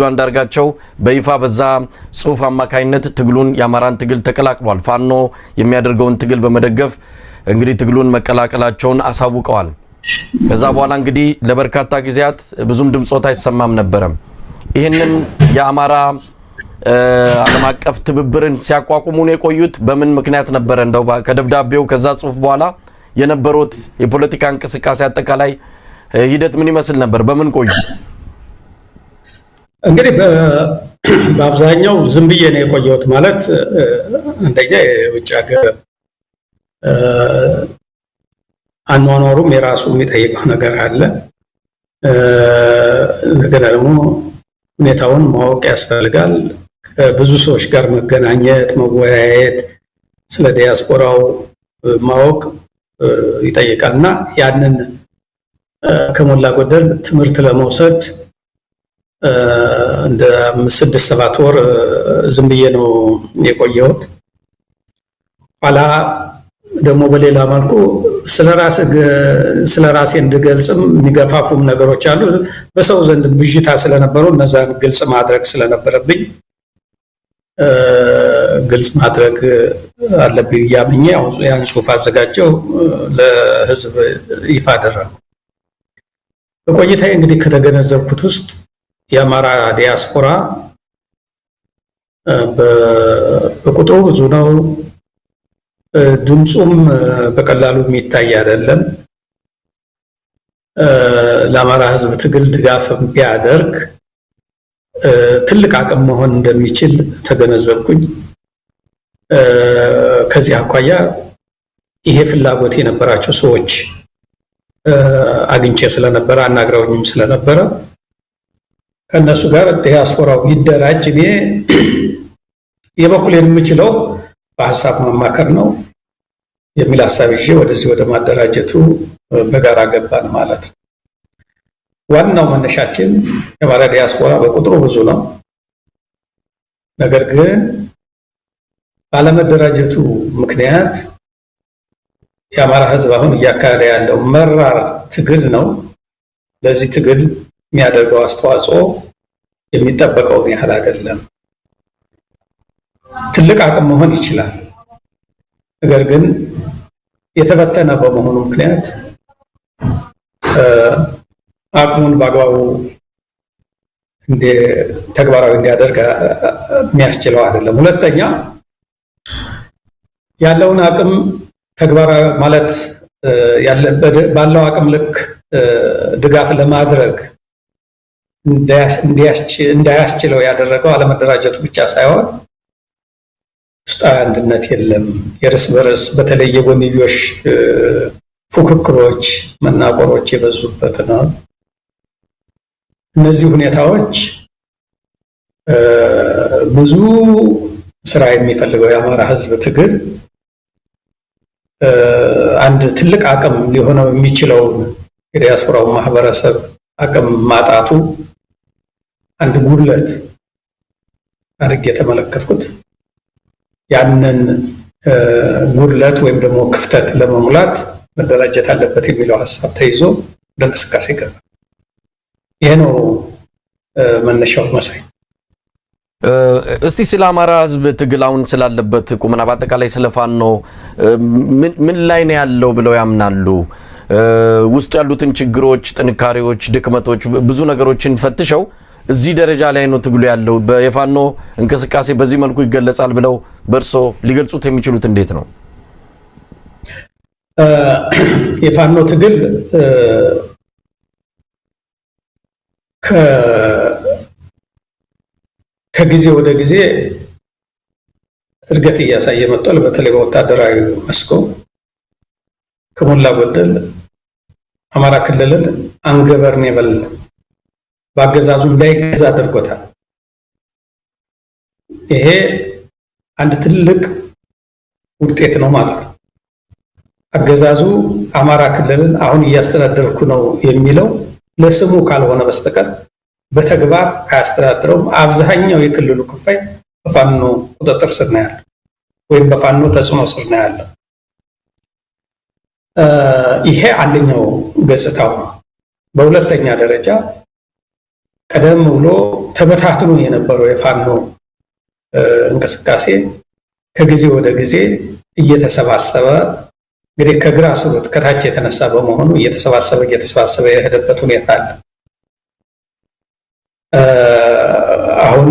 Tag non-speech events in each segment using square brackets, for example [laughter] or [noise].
ዱ አንዳርጋቸው በይፋ በዛ ጽሁፍ አማካይነት ትግሉን የአማራን ትግል ተቀላቅሏል። ፋኖ የሚያደርገውን ትግል በመደገፍ እንግዲህ ትግሉን መቀላቀላቸውን አሳውቀዋል። ከዛ በኋላ እንግዲህ ለበርካታ ጊዜያት ብዙም ድምጾት አይሰማም ነበረም። ይህንን የአማራ ዓለም አቀፍ ትብብርን ሲያቋቁሙ ነው የቆዩት። በምን ምክንያት ነበረ? እንደው ከደብዳቤው ከዛ ጽሁፍ በኋላ የነበሩት የፖለቲካ እንቅስቃሴ አጠቃላይ ሂደት ምን ይመስል ነበር? በምን ቆዩ? እንግዲህ [clears throat] በአብዛኛው ዝም ብዬ ነው የቆየሁት። ማለት አንደኛ የውጭ ሀገር አኗኗሩም የራሱ የሚጠይቀው ነገር አለ። እንደገና ደግሞ ሁኔታውን ማወቅ ያስፈልጋል። ከብዙ ሰዎች ጋር መገናኘት፣ መወያየት፣ ስለ ዲያስፖራው ማወቅ ይጠይቃል እና ያንን ከሞላ ጎደል ትምህርት ለመውሰድ እንደ ስድስት ሰባት ወር ዝም ብዬ ነው የቆየሁት። ኋላ ደግሞ በሌላ መልኩ ስለ ራሴ እንድገልጽም የሚገፋፉም ነገሮች አሉ። በሰው ዘንድ ብዥታ ስለነበሩ እነዛን ግልጽ ማድረግ ስለነበረብኝ ግልጽ ማድረግ አለብኝ ብያምኜ ያን ጽሁፍ አዘጋጀው ለህዝብ ይፋ አደረጉ። በቆይታዬ እንግዲህ ከተገነዘብኩት ውስጥ የአማራ ዲያስፖራ በቁጥሩ ብዙ ነው። ድምፁም በቀላሉ የሚታይ አይደለም። ለአማራ ሕዝብ ትግል ድጋፍ ቢያደርግ ትልቅ አቅም መሆን እንደሚችል ተገነዘብኩኝ። ከዚህ አኳያ ይሄ ፍላጎት የነበራቸው ሰዎች አግኝቼ ስለነበረ አናግረውኝም ስለነበረ ከእነሱ ጋር ዲያስፖራው ይደራጅ። እኔ የበኩሌን የምችለው በሀሳብ ማማከር ነው የሚል ሀሳብ ይዤ ወደዚህ ወደ ማደራጀቱ በጋራ ገባን ማለት ነው። ዋናው መነሻችን የአማራ ዲያስፖራ በቁጥሩ ብዙ ነው። ነገር ግን ባለመደራጀቱ ምክንያት የአማራ ሕዝብ አሁን እያካሄደ ያለው መራር ትግል ነው። ለዚህ ትግል የሚያደርገው አስተዋጽኦ የሚጠበቀውን ያህል አይደለም። ትልቅ አቅም መሆን ይችላል። ነገር ግን የተፈተነ በመሆኑ ምክንያት አቅሙን በአግባቡ ተግባራዊ እንዲያደርግ የሚያስችለው አይደለም። ሁለተኛ ያለውን አቅም ተግባራዊ ማለት ባለው አቅም ልክ ድጋፍ ለማድረግ እንዳያስችለው ያደረገው አለመደራጀቱ ብቻ ሳይሆን ውስጣዊ አንድነት የለም፣ የእርስ በርስ በተለይ የጎንዮሽ ፉክክሮች፣ መናቆሮች የበዙበት ነው። እነዚህ ሁኔታዎች ብዙ ስራ የሚፈልገው የአማራ ሕዝብ ትግል አንድ ትልቅ አቅም ሊሆነው የሚችለውን የዲያስፖራው ማህበረሰብ አቅም ማጣቱ አንድ ጉድለት አድርጌ የተመለከትኩት ያንን ጉድለት ወይም ደግሞ ክፍተት ለመሙላት መደራጀት አለበት የሚለው ሀሳብ ተይዞ ወደ እንቅስቃሴ ገባ። ይህ ነው መነሻው መሳይ። እስቲ ስለ አማራ ህዝብ ትግል አሁን ስላለበት ቁመና በአጠቃላይ ስለ ፋኖ ምን ላይ ነው ያለው ብለው ያምናሉ? ውስጡ ያሉትን ችግሮች፣ ጥንካሬዎች፣ ድክመቶች ብዙ ነገሮችን ፈትሸው እዚህ ደረጃ ላይ ነው ትግሉ ያለው፣ የፋኖ እንቅስቃሴ በዚህ መልኩ ይገለጻል ብለው በእርሶ ሊገልጹት የሚችሉት እንዴት ነው? የፋኖ ትግል ከጊዜ ወደ ጊዜ እድገት እያሳየ መጥቷል። በተለይ በወታደራዊ መስኮ ከሞላ ጎደል አማራ ክልልን አንገበርን የበል በአገዛዙ እንዳይገዛ አድርጎታል። ይሄ አንድ ትልቅ ውጤት ነው ማለት ነው። አገዛዙ አማራ ክልልን አሁን እያስተዳደርኩ ነው የሚለው ለስሙ ካልሆነ በስተቀር በተግባር አያስተዳድረውም። አብዛኛው የክልሉ ክፋይ በፋኖ ቁጥጥር ስር ነው ያለው ወይም በፋኖ ተጽዕኖ ስር ነው ያለው። ይሄ አንደኛው ገጽታው ነው። በሁለተኛ ደረጃ ቀደም ብሎ ተበታትኖ የነበረው የፋኖ እንቅስቃሴ ከጊዜ ወደ ጊዜ እየተሰባሰበ እንግዲህ ከግራ ስሩት ከታች የተነሳ በመሆኑ እየተሰባሰበ እየተሰባሰበ የሄደበት ሁኔታ አለ። አሁን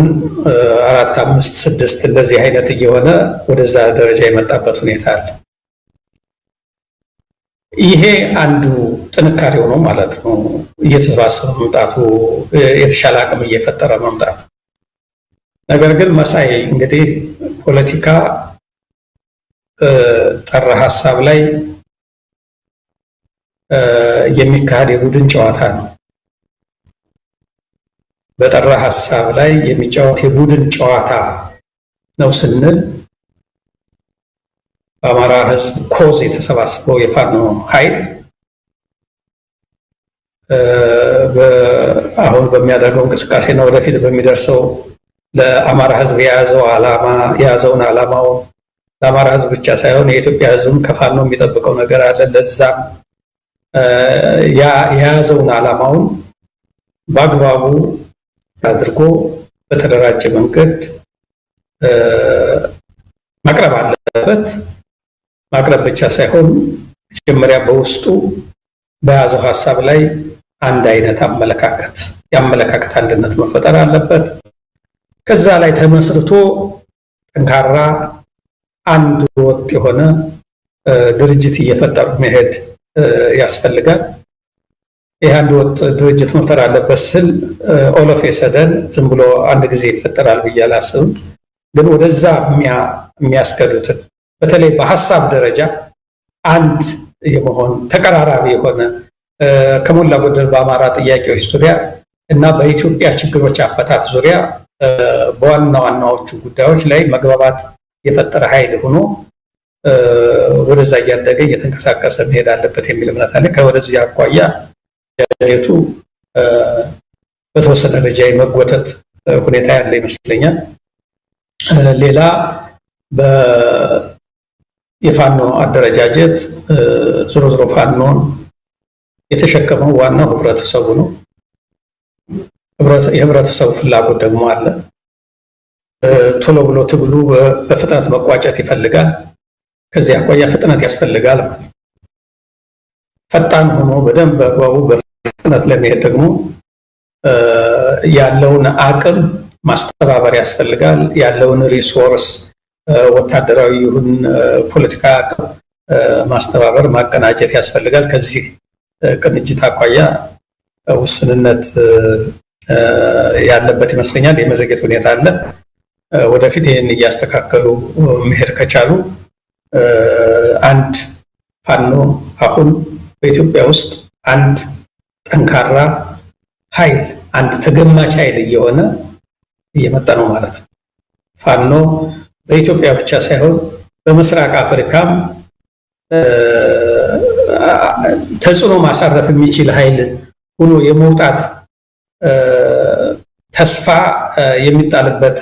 አራት አምስት ስድስት እንደዚህ አይነት እየሆነ ወደዛ ደረጃ የመጣበት ሁኔታ አለ። ይሄ አንዱ ጥንካሬው ነው ማለት ነው። እየተሰባሰበ መምጣቱ የተሻለ አቅም እየፈጠረ መምጣቱ። ነገር ግን መሳይ እንግዲህ ፖለቲካ ጠራ ሀሳብ ላይ የሚካሄድ የቡድን ጨዋታ ነው። በጠራ ሀሳብ ላይ የሚጫወት የቡድን ጨዋታ ነው ስንል በአማራ ሕዝብ ኮዝ የተሰባሰበው የፋኖ ኃይል አሁን በሚያደርገው እንቅስቃሴና ወደፊት በሚደርሰው ለአማራ ህዝብ የያዘው አላማ የያዘውን ዓላማው ለአማራ ህዝብ ብቻ ሳይሆን የኢትዮጵያ ህዝብም ከፋኖ የሚጠብቀው ነገር አለ። ለዛም የያዘውን አላማውን በአግባቡ አድርጎ በተደራጀ መንገድ ማቅረብ አለበት። ማቅረብ ብቻ ሳይሆን መጀመሪያ በውስጡ በያዘው ሀሳብ ላይ አንድ አይነት አመለካከት የአመለካከት አንድነት መፈጠር አለበት። ከዛ ላይ ተመስርቶ ጠንካራ አንድ ወጥ የሆነ ድርጅት እየፈጠሩ መሄድ ያስፈልጋል። ይህ አንድ ወጥ ድርጅት መፍጠር አለበት ስል ኦሎፍ የሰደን ዝም ብሎ አንድ ጊዜ ይፈጠራል ብዬ አላስብም። ግን ወደዛ የሚያስገዱትን በተለይ በሀሳብ ደረጃ አንድ የመሆን ተቀራራቢ የሆነ ከሞላ ጎደል በአማራ ጥያቄዎች ዙሪያ እና በኢትዮጵያ ችግሮች አፈታት ዙሪያ በዋና ዋናዎቹ ጉዳዮች ላይ መግባባት የፈጠረ ኃይል ሆኖ ወደዛ እያደገ እየተንቀሳቀሰ መሄድ አለበት የሚል እምነት አለ። ከወደዚህ አኳያ ደረጀቱ በተወሰነ ደረጃ የመጎተት ሁኔታ ያለ ይመስለኛል። ሌላ የፋኖ አደረጃጀት ዞሮ ዞሮ ፋኖን የተሸከመው ዋናው ህብረተሰቡ ነው። የህብረተሰቡ ፍላጎት ደግሞ አለ። ቶሎ ብሎ ትግሉ በፍጥነት መቋጨት ይፈልጋል። ከዚህ አኳያ ፍጥነት ያስፈልጋል ማለት ፈጣን ሆኖ በደንብ በአግባቡ በፍጥነት ለመሄድ ደግሞ ያለውን አቅም ማስተባበር ያስፈልጋል። ያለውን ሪሶርስ ወታደራዊ ይሁን ፖለቲካ አቅም ማስተባበር ማቀናጀት ያስፈልጋል። ከዚህ ቅንጅት አኳያ ውስንነት ያለበት ይመስለኛል። የመዘግየት ሁኔታ አለ። ወደፊት ይህን እያስተካከሉ መሄድ ከቻሉ አንድ ፋኖ አሁን በኢትዮጵያ ውስጥ አንድ ጠንካራ ኃይል አንድ ተገማች ኃይል እየሆነ እየመጣ ነው ማለት ነው። ፋኖ በኢትዮጵያ ብቻ ሳይሆን በምስራቅ አፍሪካም ተጽዕኖ ማሳረፍ የሚችል ኃይል ሆኖ የመውጣት ተስፋ የሚጣልበት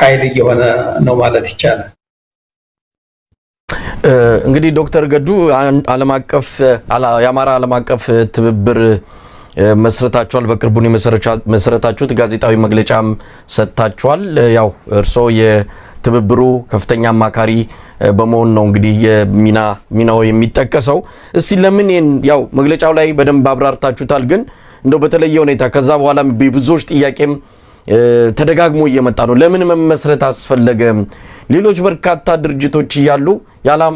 ኃይል እየሆነ ነው ማለት ይቻላል። እንግዲህ ዶክተር ገዱ ዓለም አቀፍ የአማራ ዓለም አቀፍ ትብብር መስረታችኋል። በቅርቡን የመሰረታችሁት ጋዜጣዊ መግለጫም ሰጥታችኋል። ያው እርስዎ ትብብሩ ከፍተኛ አማካሪ በመሆን ነው እንግዲህ የሚና ሚናው የሚጠቀሰው። እስቲ ለምን ይህን ያው መግለጫው ላይ በደንብ አብራርታችሁታል፣ ግን እንደው በተለየ ሁኔታ ከዛ በኋላ ብዙዎች ጥያቄም ተደጋግሞ እየመጣ ነው። ለምን መመስረት አስፈለገ? ሌሎች በርካታ ድርጅቶች እያሉ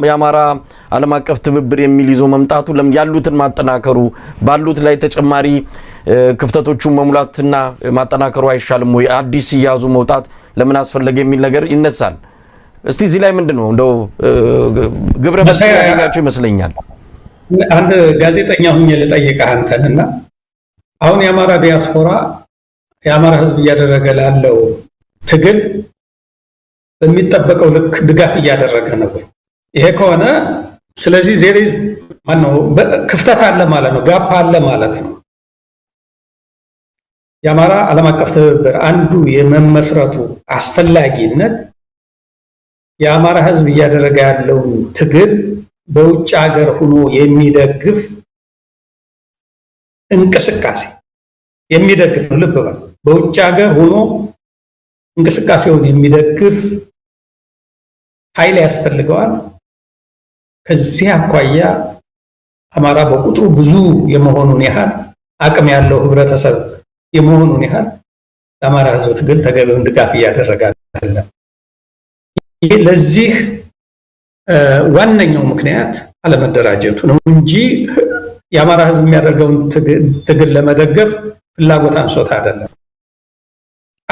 የአማራ ዓለም አቀፍ ትብብር የሚል ይዞ መምጣቱ ለምን ያሉትን ማጠናከሩ ባሉት ላይ ተጨማሪ ክፍተቶቹን መሙላትና ማጠናከሩ አይሻልም ወይ? አዲስ እያዙ መውጣት ለምን አስፈለገ የሚል ነገር ይነሳል። እስቲ እዚህ ላይ ምንድን ነው እንደው ግብረ መልስ ያገኛቸው ይመስለኛል። አንድ ጋዜጠኛ ሁኜ ልጠይቅህ አንተን እና አሁን የአማራ ዲያስፖራ የአማራ ህዝብ እያደረገ ላለው ትግል በሚጠበቀው ልክ ድጋፍ እያደረገ ነው። ይሄ ከሆነ ስለዚህ ዜሬዝ ማነው ክፍተት አለ ማለት ነው፣ ጋፕ አለ ማለት ነው። የአማራ ዓለም አቀፍ ትብብር አንዱ የመመስረቱ አስፈላጊነት የአማራ ሕዝብ እያደረገ ያለውን ትግል በውጭ ሀገር ሆኖ የሚደግፍ እንቅስቃሴ የሚደግፍ ነው። ልብ በል፣ በውጭ ሀገር ሆኖ እንቅስቃሴውን የሚደግፍ ኃይል ያስፈልገዋል። ከዚህ አኳያ አማራ በቁጥሩ ብዙ የመሆኑን ያህል አቅም ያለው ህብረተሰብ የመሆኑን ያህል ለአማራ ህዝብ ትግል ተገቢውን ድጋፍ እያደረገ አይደለም። ለዚህ ዋነኛው ምክንያት አለመደራጀቱ ነው እንጂ የአማራ ህዝብ የሚያደርገውን ትግል ለመደገፍ ፍላጎት አንሶት አይደለም።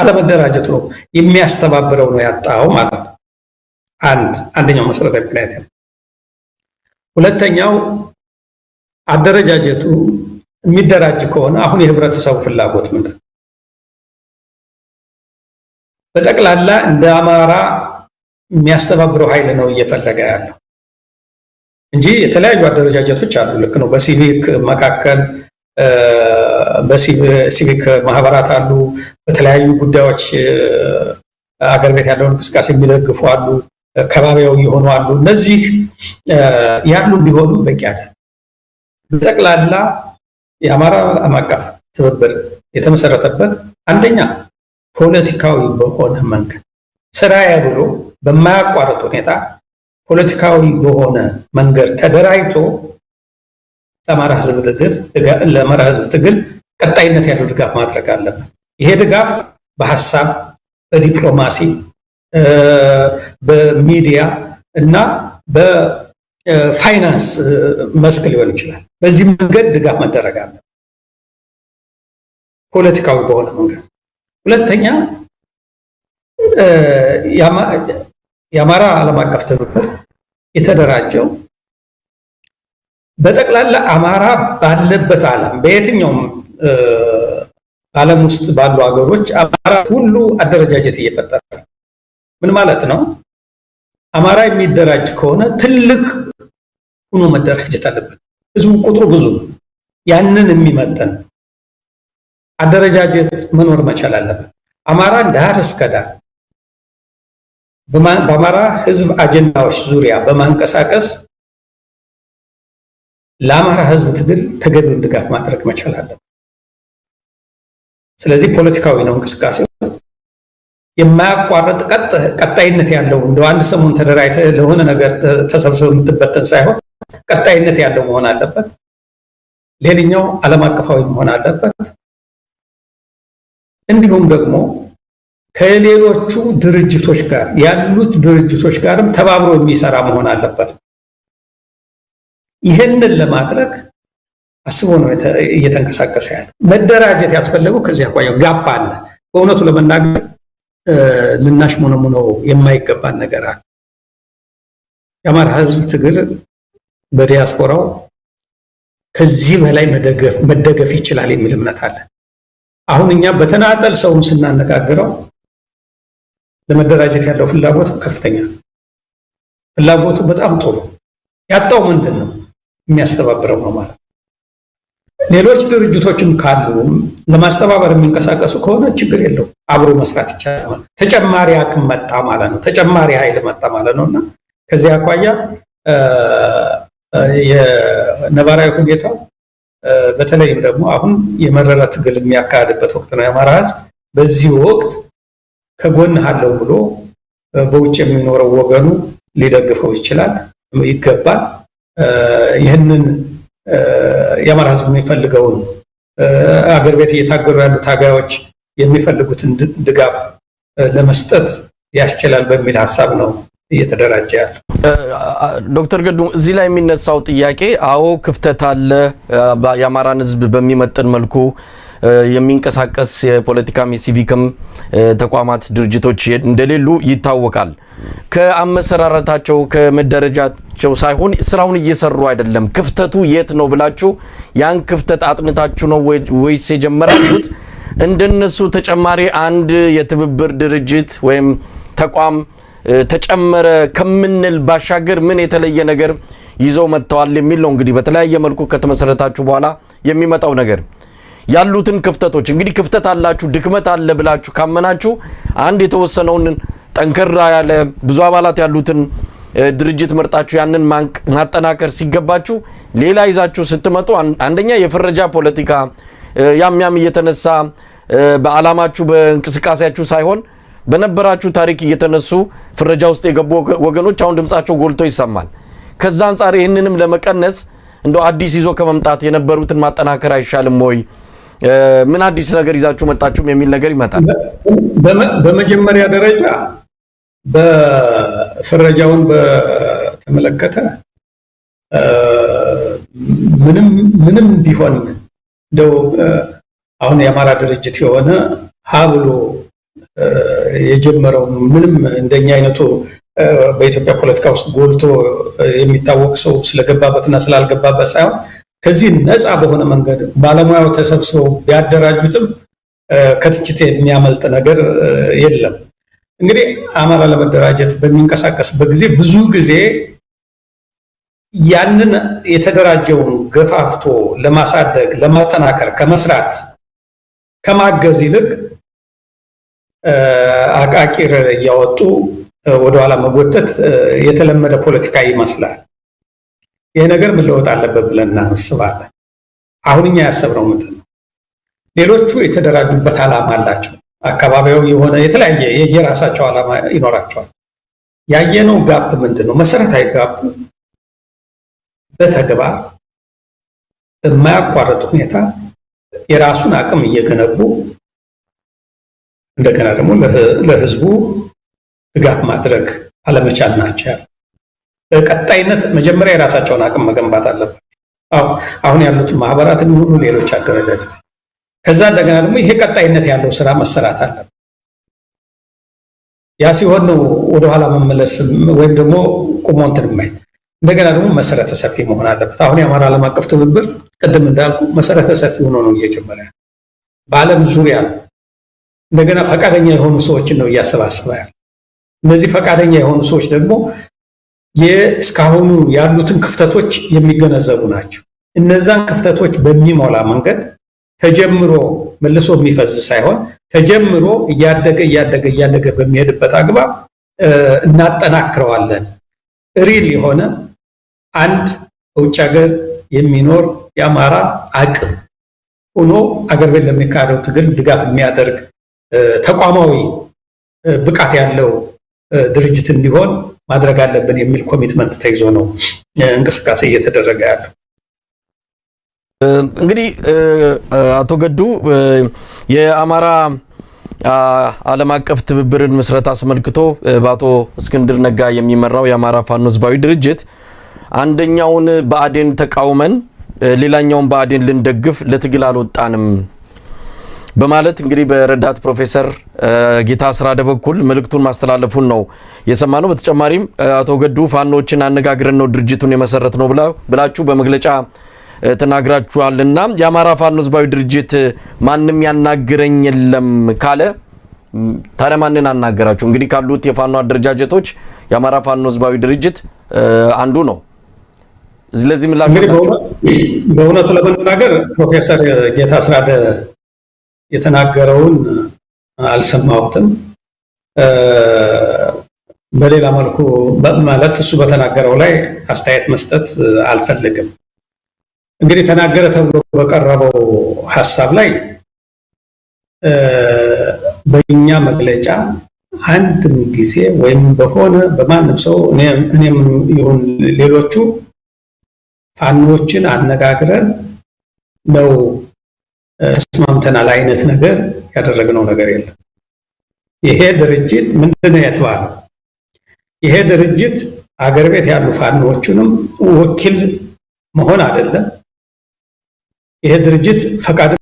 አለመደራጀቱ ነው የሚያስተባብረው ነው ያጣው ማለት ነው። አንድ አንደኛው መሰረታዊ ምክንያት ነው። ሁለተኛው አደረጃጀቱ የሚደራጅ ከሆነ አሁን የህብረተሰቡ ፍላጎት ምንድን ነው? በጠቅላላ እንደ አማራ የሚያስተባብረው ኃይል ነው እየፈለገ ያለው እንጂ የተለያዩ አደረጃጀቶች አሉ። ልክ ነው። በሲቪክ መካከል በሲቪክ ማህበራት አሉ። በተለያዩ ጉዳዮች አገር ቤት ያለውን እንቅስቃሴ የሚደግፉ አሉ። ከባቢያው የሆኑ አሉ። እነዚህ ያሉ ቢሆኑ በቂ አለ። በጠቅላላ የአማራ ዓለም አቀፍ ትብብር የተመሰረተበት አንደኛ ፖለቲካዊ በሆነ መንገድ ስራዬ ብሎ በማያቋርጥ ሁኔታ ፖለቲካዊ በሆነ መንገድ ተደራጅቶ ለአማራ ህዝብ ትግል ለአማራ ህዝብ ትግል ቀጣይነት ያለው ድጋፍ ማድረግ አለበት። ይሄ ድጋፍ በሀሳብ፣ በዲፕሎማሲ፣ በሚዲያ እና ፋይናንስ መስክ ሊሆን ይችላል። በዚህ መንገድ ድጋፍ መደረግ አለ፣ ፖለቲካዊ በሆነ መንገድ። ሁለተኛ የአማራ ዓለም አቀፍ ትብብር የተደራጀው በጠቅላላ አማራ ባለበት ዓለም በየትኛውም ዓለም ውስጥ ባሉ ሀገሮች አማራ ሁሉ አደረጃጀት እየፈጠረ ምን ማለት ነው? አማራ የሚደራጅ ከሆነ ትልቅ ሆኖ መደራጀት አለበት። ህዝቡ ቁጥሩ ብዙ ነው። ያንን የሚመጥን አደረጃጀት መኖር መቻል አለበት። አማራን ዳር እስከ ዳር በአማራ ህዝብ አጀንዳዎች ዙሪያ በማንቀሳቀስ ለአማራ ህዝብ ትግል ተገቢውን ድጋፍ ማድረግ መቻል አለበት። ስለዚህ ፖለቲካዊ ነው እንቅስቃሴው የማያቋርጥ ቀጣይነት ያለው እንደው አንድ ሰሞን ተደራጅተህ ለሆነ ነገር ተሰብስበህ የምትበተን ሳይሆን ቀጣይነት ያለው መሆን አለበት። ሌላኛው ዓለም አቀፋዊ መሆን አለበት። እንዲሁም ደግሞ ከሌሎቹ ድርጅቶች ጋር ያሉት ድርጅቶች ጋርም ተባብሮ የሚሰራ መሆን አለበት። ይህንን ለማድረግ አስቦ ነው እየተንቀሳቀሰ ያለ። መደራጀት ያስፈለገው ከዚህ አኳያ ጋፕ አለ። በእውነቱ ለመናገር ልናሽሞነሙነው የማይገባን ነገር አለ። የአማራ ሕዝብ ትግል በዲያስፖራው ከዚህ በላይ መደገፍ ይችላል የሚል እምነት አለ። አሁን እኛ በተናጠል ሰውን ስናነጋግረው ለመደራጀት ያለው ፍላጎት ከፍተኛ ነው። ፍላጎቱ በጣም ጥሩ። ያጣው ምንድን ነው? የሚያስተባብረው ነው ማለት። ሌሎች ድርጅቶችም ካሉ ለማስተባበር የሚንቀሳቀሱ ከሆነ ችግር የለው፣ አብሮ መስራት ይቻላል። ተጨማሪ አቅም መጣ ማለት ነው፣ ተጨማሪ ኃይል መጣ ማለት ነው እና ከዚህ አኳያ የነባራዊ ሁኔታው በተለይም ደግሞ አሁን የመረረ ትግል የሚያካሄድበት ወቅት ነው። የአማራ ህዝብ በዚህ ወቅት ከጎን አለው ብሎ በውጭ የሚኖረው ወገኑ ሊደግፈው ይችላል፣ ይገባል። ይህንን የአማራ ህዝብ የሚፈልገውን አገር ቤት እየታገሉ ያሉ ታጋዮች የሚፈልጉትን ድጋፍ ለመስጠት ያስችላል በሚል ሀሳብ ነው እየተደራጀ ያለው። ዶክተር ገዱ እዚህ ላይ የሚነሳው ጥያቄ አዎ ክፍተት አለ። የአማራን ህዝብ በሚመጥን መልኩ የሚንቀሳቀስ የፖለቲካም የሲቪክም ተቋማት ድርጅቶች እንደሌሉ ይታወቃል። ከአመሰራረታቸው ከመደረጃቸው ሳይሆን ስራውን እየሰሩ አይደለም። ክፍተቱ የት ነው ብላችሁ ያን ክፍተት አጥንታችሁ ነው ወይስ የጀመራችሁት? እንደነሱ ተጨማሪ አንድ የትብብር ድርጅት ወይም ተቋም ተጨመረ ከምንል ባሻገር ምን የተለየ ነገር ይዘው መጥተዋል የሚል ነው። እንግዲህ በተለያየ መልኩ ከተመሰረታችሁ በኋላ የሚመጣው ነገር ያሉትን ክፍተቶች እንግዲህ ክፍተት አላችሁ ድክመት አለ ብላችሁ ካመናችሁ አንድ የተወሰነውን ጠንከራ ያለ ብዙ አባላት ያሉትን ድርጅት መርጣችሁ ያንን ማጠናከር ሲገባችሁ ሌላ ይዛችሁ ስትመጡ አንደኛ የፍረጃ ፖለቲካ ያም ያም እየተነሳ በዓላማችሁ በእንቅስቃሴያችሁ ሳይሆን በነበራችሁ ታሪክ እየተነሱ ፍረጃ ውስጥ የገቡ ወገኖች አሁን ድምጻቸው ጎልቶ ይሰማል። ከዛ አንጻር ይህንንም ለመቀነስ እንደው አዲስ ይዞ ከመምጣት የነበሩትን ማጠናከር አይሻልም ወይ? ምን አዲስ ነገር ይዛችሁ መጣችሁም የሚል ነገር ይመጣል። በመጀመሪያ ደረጃ በፍረጃውን በተመለከተ ምንም ምንም ቢሆን እንደው አሁን የአማራ ድርጅት የሆነ ሀብሎ? የጀመረው ምንም እንደኛ አይነቱ በኢትዮጵያ ፖለቲካ ውስጥ ጎልቶ የሚታወቅ ሰው ስለገባበትና ስላልገባበት ሳይሆን ከዚህ ነፃ በሆነ መንገድ ባለሙያው ተሰብስበው ቢያደራጁትም ከትችት የሚያመልጥ ነገር የለም። እንግዲህ አማራ ለመደራጀት በሚንቀሳቀስበት ጊዜ ብዙ ጊዜ ያንን የተደራጀውን ገፋፍቶ ለማሳደግ ለማጠናከር ከመስራት ከማገዝ ይልቅ አቃቂር እያወጡ ወደኋላ መጎተት የተለመደ ፖለቲካ ይመስላል። ይህ ነገር ለውጥ አለበት ብለን እናስባለን። አሁን እኛ ያሰብነው ምንድን ነው? ሌሎቹ የተደራጁበት ዓላማ አላቸው። አካባቢያዊ የሆነ የተለያየ የየራሳቸው ዓላማ ይኖራቸዋል። ያየነው ጋፕ ምንድን ነው? መሰረታዊ ጋፕ በተግባር በማያቋረጥ ሁኔታ የራሱን አቅም እየገነቡ እንደገና ደግሞ ለህዝቡ ድጋፍ ማድረግ አለመቻል ናቸው። ቀጣይነት መጀመሪያ የራሳቸውን አቅም መገንባት አለባቸው። አሁን ያሉት ማህበራት የሚሆኑ ሌሎች አደረጃጀት ከዛ እንደገና ደግሞ ይሄ ቀጣይነት ያለው ስራ መሰራት አለበት። ያ ሲሆን ነው ወደኋላ መመለስ ወይም ደግሞ ቁሞ እንትን የማይል እንደገና ደግሞ መሰረተ ሰፊ መሆን አለበት። አሁን የአማራ ዓለም አቀፍ ትብብር ቅድም እንዳልኩ መሰረተ ሰፊ ሆኖ ነው እየጀመረ በዓለም ዙሪያ ነው እንደገና ፈቃደኛ የሆኑ ሰዎችን ነው እያሰባሰበ ያለ። እነዚህ ፈቃደኛ የሆኑ ሰዎች ደግሞ እስካሁኑ ያሉትን ክፍተቶች የሚገነዘቡ ናቸው። እነዛን ክፍተቶች በሚሞላ መንገድ ተጀምሮ መልሶ የሚፈዝ ሳይሆን ተጀምሮ እያደገ እያደገ እያደገ በሚሄድበት አግባብ እናጠናክረዋለን። ሪል የሆነ አንድ በውጭ ሀገር የሚኖር የአማራ አቅም ሆኖ አገር ቤት ለሚካሄደው ትግል ድጋፍ የሚያደርግ ተቋማዊ ብቃት ያለው ድርጅት እንዲሆን ማድረግ አለብን የሚል ኮሚትመንት ተይዞ ነው እንቅስቃሴ እየተደረገ ያለው። እንግዲህ አቶ ገዱ የአማራ ዓለም አቀፍ ትብብርን ምስረት አስመልክቶ በአቶ እስክንድር ነጋ የሚመራው የአማራ ፋኖ ህዝባዊ ድርጅት አንደኛውን በአዴን ተቃውመን ሌላኛውን በአዴን ልንደግፍ ለትግል አልወጣንም በማለት እንግዲህ በረዳት ፕሮፌሰር ጌታ አስራደ በኩል መልእክቱን ማስተላለፉን ነው የሰማ ነው በተጨማሪም አቶ ገዱ ፋኖችን አነጋግረን ነው ድርጅቱን የመሰረት ነው ብላችሁ በመግለጫ ተናግራችኋልና የአማራ ፋኖ ህዝባዊ ድርጅት ማንም ያናግረኝ የለም ካለ ታዲያ ማንን አናገራችሁ? እንግዲህ ካሉት የፋኖ አደረጃጀቶች የአማራ ፋኖ ህዝባዊ ድርጅት አንዱ ነው። ስለዚህ ምላሽ በእውነቱ ለመናገር ፕሮፌሰር ጌታ አስራደ የተናገረውን አልሰማሁትም። በሌላ መልኩ ማለት እሱ በተናገረው ላይ አስተያየት መስጠት አልፈልግም። እንግዲህ ተናገረ ተብሎ በቀረበው ሀሳብ ላይ በኛ መግለጫ አንድም ጊዜ ወይም በሆነ በማንም ሰው እኔም ይሁን ሌሎቹ ፋኖችን አነጋግረን ነው ተስማምተናል አይነት ነገር ያደረግነው ነገር የለም። ይሄ ድርጅት ምንድነው የተባለው? ይሄ ድርጅት አገር ቤት ያሉ ፋኖዎቹንም ወኪል መሆን አይደለም። ይሄ ድርጅት ፈቃድ